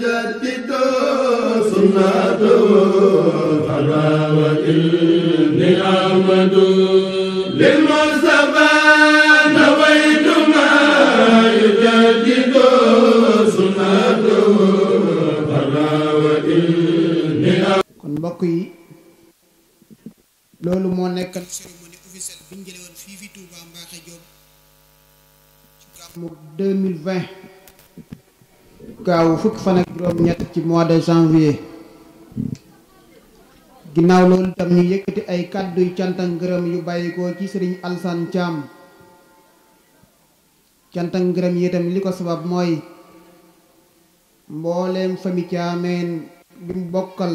نجدد سنته فلا وإني أحمد للمصطفى نويت ما يجدد سنته فلا وإني kon mbokk yi loolu moo nekkal cérémonie officielle bi ñu jëlee woon fii fi Touba Mbacké Diop ci gàmmu 2020 gaaw fukk fan ci mois de janvier ginnaaw loolu itam ñu yëkkati ay kàdduy cant ak ngërëm yu bàyyikoo ci sëriñ Alsaan Thiam cant ak ngërëm yi itam li ko sabab mooy mbooleem fami Thiameen bi mu bokkal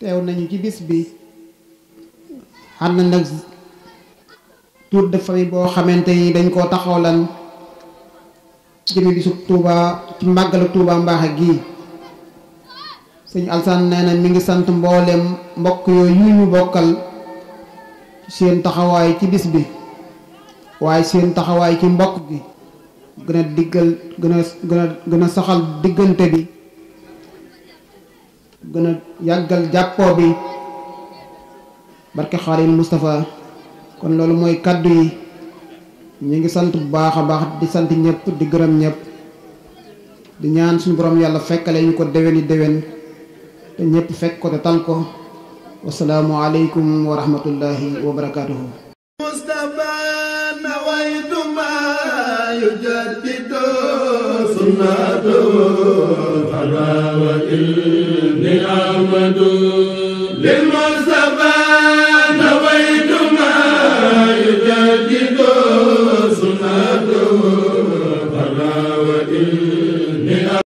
teew nañu ci bis bi ànd nag tour de famille boo xamante ni dañ koo taxawlan jëme bisu Touba ci magal Touba mbaax gi seigne alsan nee mi ngi sant mbollem mbokk yooyu yu ñu bokal seen taxaway ci bis bi waye seen taxaway ci mbokk gi gëna diggal gëna gëna saxal digënté bi gëna yagal jappo bi barke xaarim mustafa kon lolu moy kaddu yi ñi ngi sant bu baax a baax di sant ñëpp di gërëm ñëpp di ñaan suñu borom yàlla fekkale ñu ko déwéni déwén te ñëpp fekk ko te tal ko wasalaamu aleykum wa rahmatullahi wa barakatuhu mustafa nawaituma yujaddidu sunnatu fala wa amadu lima